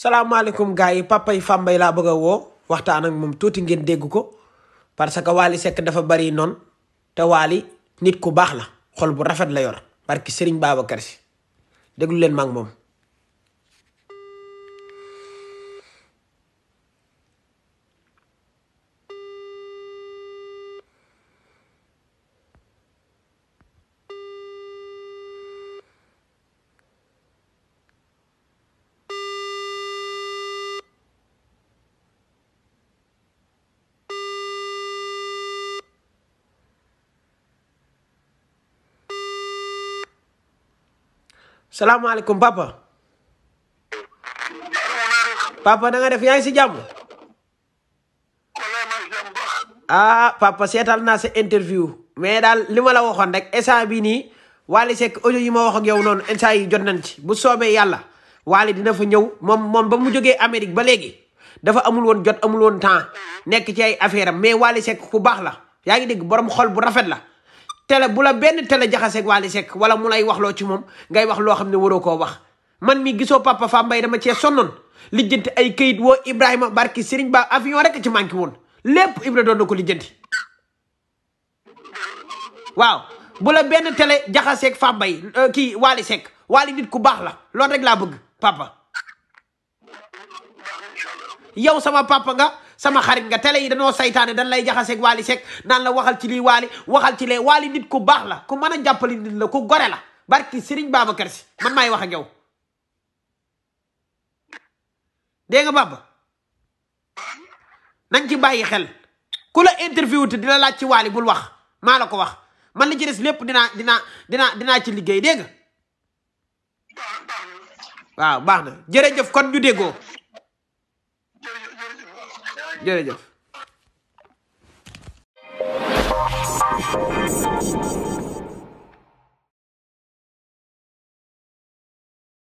salaamaaleykum gars yi papa yi Fambaye laa bëgg a woo waxtaan ak moom tuuti ngeen dégg ko parce que Wally Seck dafa bari noon te Wally nit ku baax la xol bu rafet la yor barki Serigne Babacar Sy déglu leen ma ak moom. salaamaaleykum papa papa da def yaa ngi si jàmm ah papa seetal naa sa interview mais daal li ma la waxoon rek instant bi nii Wally sekk audio yi ma wax yow noonu instant yi jot nañ ci bu soobee yàlla Wally dina fa ñëw moom moom ba mu jógee Amérique ba léegi dafa amul woon jot amul woon temps nekk ci ay affaire mais Wally Seck ku baax la yaa ngi dégg borom xol bu rafet la télé bu la benn télé jaxaseeg Wally Seck wala mu lay wax loo ci moom ngay wax loo xam ne waroo koo wax man mi gisoo papa fa mbay dama cee sonnoon lijjanti ay kayit woo Ibrahima barki Serigne Ba avion rek ci manqué woon lépp Ibra doon na ko lijjanti waaw bu la benn télé jaxaseek fa mbay euh, kii Wally Seck nit ku baax la loolu rek laa bëgg papa yow sama papa nga sama xarit nga télé yi dañoo saytaane dañ lay jaxaseeg waali sek naan la waxal ci lii waali waxal ci lee waali nit ku baax la ku mën a jàppali nit la ku gore la barki Serigne Babacar si man maay wax ak yow dégg nga Baba nañ ci bàyyi xel ku la interview te dina laaj ci waali bul wax maa la ko wax man li ci des lépp dinaa dinaa dinaa dinaa ci liggéey dégg waaw baax na jërëjëf kon ñu déggoo jërëjëf